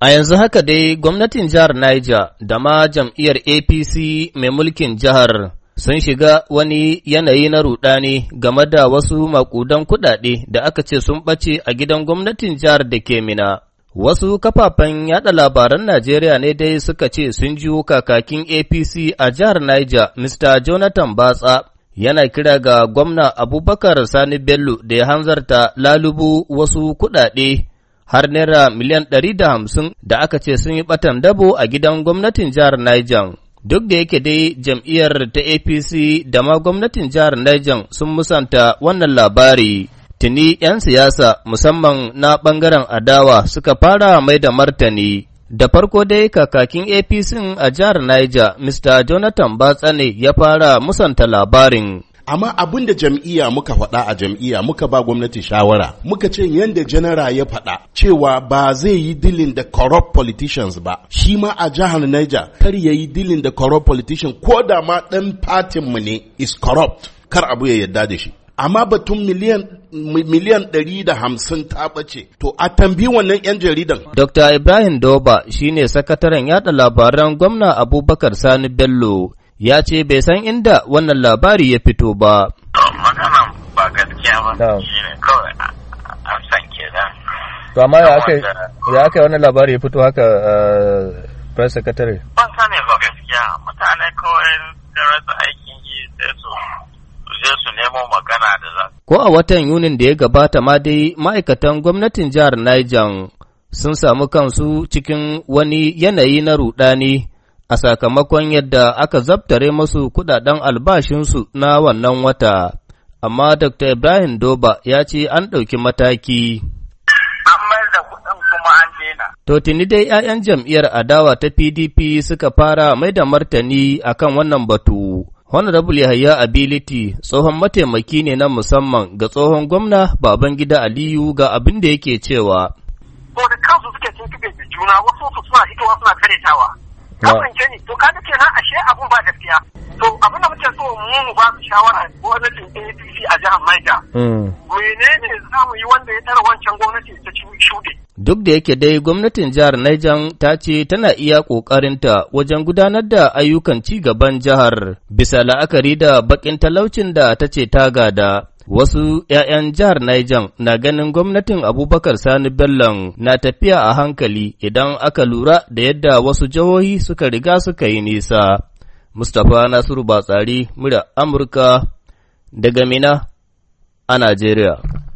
A yanzu haka dai gwamnatin jihar Niger da ma jam'iyyar APC mai mulkin jihar sun shiga wani yanayi na rudani game da wasu makudan kuɗaɗe da aka ce sun ɓace a gidan gwamnatin jihar da ke mina. Wasu kafafen yada labaran Najeriya ne dai suka ce sun ji kakakin APC a jihar Niger, Mr. Jonathan Batsa, yana kira ga gwamna Abubakar Sani Bello da ya hanzarta lalubu wasu kuɗaɗe har naira miliyan ɗari da hamsin da aka ce sun yi ɓatan dabo a gidan gwamnatin jihar Niger. Duk da yake dai jam'iyyar ta APC da ma gwamnatin jihar Niger sun musanta wannan labari. Tuni 'yan siyasa musamman na ɓangaren adawa suka fara mai da martani. Da farko dai kakakin APC a jihar Niger, Mr. Jonathan Batsane ya fara musanta labarin. amma abin da jam'iyya muka faɗa a jam'iyya muka ba gwamnati shawara muka ce yadda janara ya faɗa cewa ba zai yi dilin da corrupt politicians ba shi ma a jihar Niger kar ya yi dilin da corrupt politician ko da ma ɗan fatin mu ne is corrupt kar abu ya yadda da shi amma batun miliyan miliyan ɗari da hamsin ta ɓace to a tambi wannan 'yan jaridan. Dr. Ibrahim Doba shine sakataren yada labaran gwamna Abubakar Sani Bello ya ce bai san inda wannan labari ya fito ba. Maganan ba gaskiya ba shi ne kawai san kenan. To amma ya aka yi aka wannan labari ya fito haka uh, press secretary. Ban sani ba gaskiya mutane kawai da rasa aikin yi sai su su nemo magana da za. Ko a watan Yunin da ya gabata ma dai ma'aikatan gwamnatin jihar Niger sun samu kansu cikin wani yanayi na rudani. a sakamakon yadda aka zabtare masu kudaden albashinsu na wannan wata, amma Dr. Ibrahim Doba ya ce an ɗauki mataki. To tuni dai ‘ya'yan jam'iyyar adawa ta PDP suka fara mai da martani a kan wannan batu. Honorable Yahaya Ability tsohon mataimaki ne na musamman ga tsohon gwamna Babangida Aliyu ga abin da yake cewa. Wani kansu suke cin da juna wasu su suna hitowa suna karetawa. Kasan kaga kenan ashe abun ba gaskiya to abin da muke so mu mu ba su shawara gwamnatin APC a jihar Niger hmm. menene za mu yi wanda ya tara wancan gwamnati ta shuɗe Duk da yake dai gwamnatin jihar Niger ta ce tana iya ƙoƙarinta wajen gudanar da ayyukan ci gaban jihar bisa la'akari da bakin talaucin da ta ce ta gada. Wasu ‘ya'yan jihar Niger na ganin gwamnatin Abubakar Sani Bello na tafiya a hankali idan aka lura da yadda wasu jihohi suka riga suka yi nisa. Mustapha Nasiru Batsari, murya Amurka, daga Mina a Najeriya.